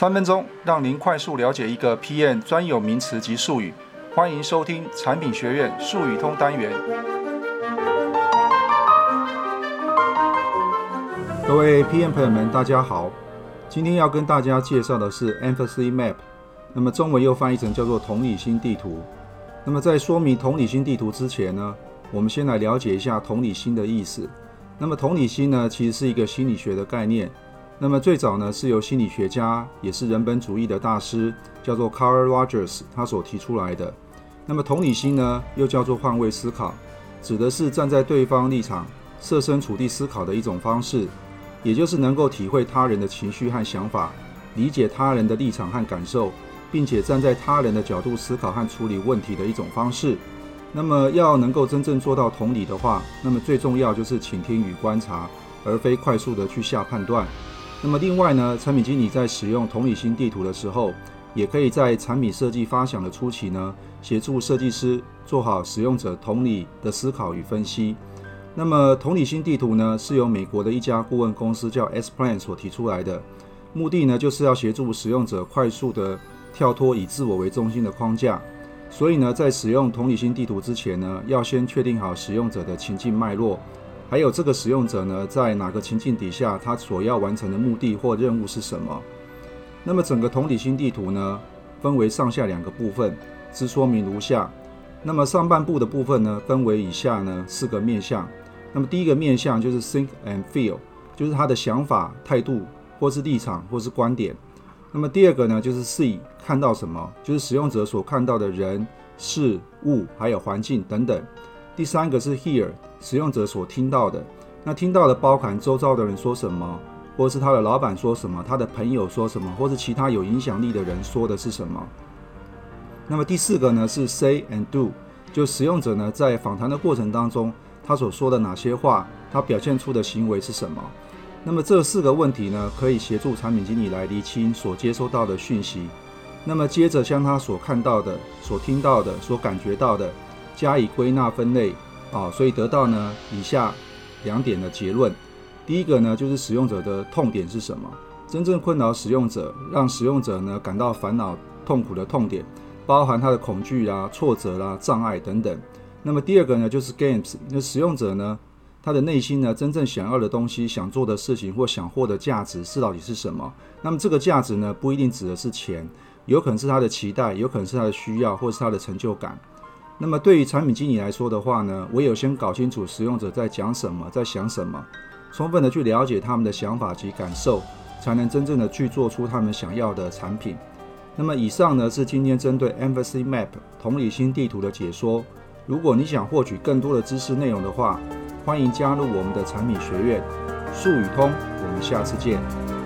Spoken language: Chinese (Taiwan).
三分鐘讓您快速了解一個 PM 專有名詞及術語，歡迎收聽產品學院術語通單元。各位 PM 朋友們，大家好，今天要跟大家介紹的是 Empathy Map，那麼中文又翻譯成叫做同理心地圖。那麼在說明同理心地圖之前呢，我們先來了解一下同理心的意思。那麼同理心呢，其實是一個心理學的概念。那麼最早呢，是由心理學家，也是人本主義的大師，叫做 Carl Rogers，他所提出來的。那麼同理心呢，又叫做換位思考，指的是站在對方立場，設身處地思考的一種方式，也就是能夠體會他人的情緒和想法，理解他人的立場和感受，並且站在他人的角度思考和處理問題的一種方式。那麼要能夠真正做到同理的話，那麼最重要就是傾聽與觀察，而非快速的去下判斷。那麼另外呢，產品經理在使用同理心地圖的時候，也可以在產品設計發想的初期呢，協助設計師做好使用者同理的思考與分析。那麼同理心地圖呢，是由美國的一家顧問公司叫 XPLAN 所提出來的，目的呢就是要協助使用者快速地跳脫以自我為中心的框架。所以呢，在使用同理心地圖之前呢，要先確定好使用者的情境脈絡。還有這個使用者呢，在哪個情境底下，他所要完成的目的或任務是什麼？那麼整個同理心地圖呢，分為上下兩個部分，之說明如下。那麼上半部的部分呢，分為以下呢四個面向。那麼第一個面向就是 think and feel，就是他的想法、態度或是立場或是觀點。那麼第二個呢，就是 see，看到什麼，就是使用者所看到的人、事物還有環境等等。第三個是 hear。使用者所聽到的，那聽到的包含周遭的人說什麼，或是他的老闆說什麼，他的朋友說什麼，或是其他有影響力的人說的是什麼。那麼第四個呢是 Say & Do，就使用者呢在訪談的過程當中，他所說的哪些話，他表現出的行為是什麼。那麼這四個問題呢，可以協助產品經理來釐清所接收到的訊息。那麼接着將他所看到的、所聽到的、所感覺到的加以歸納分類。啊、哦，所以得到呢以下兩點的結論。第一個呢，就是使用者的痛點是什麼？真正困擾使用者、讓使用者呢感到煩惱、痛苦的痛點，包含他的恐懼啊、挫折啦、啊、障礙等等。那麼第二個呢，就是 Gain 那使用者呢，他的內心呢真正想要的東西、想做的事情或想獲得價值是到底是什麼？那麼這個價值呢，不一定指的是錢，有可能是他的期待，有可能是他的需要，或是他的成就感。那麼對於產品經理來說的話呢，唯有先搞清楚使用者在講什麼，在想什麼，充分的去了解他們的想法及感受，才能真正的去做出他們想要的產品。那麼以上呢是今天針對 Empathy Map 同理心地圖的解說。如果你想獲取更多的知識內容的話，歡迎加入我們的產品學院術語通。我們下次見。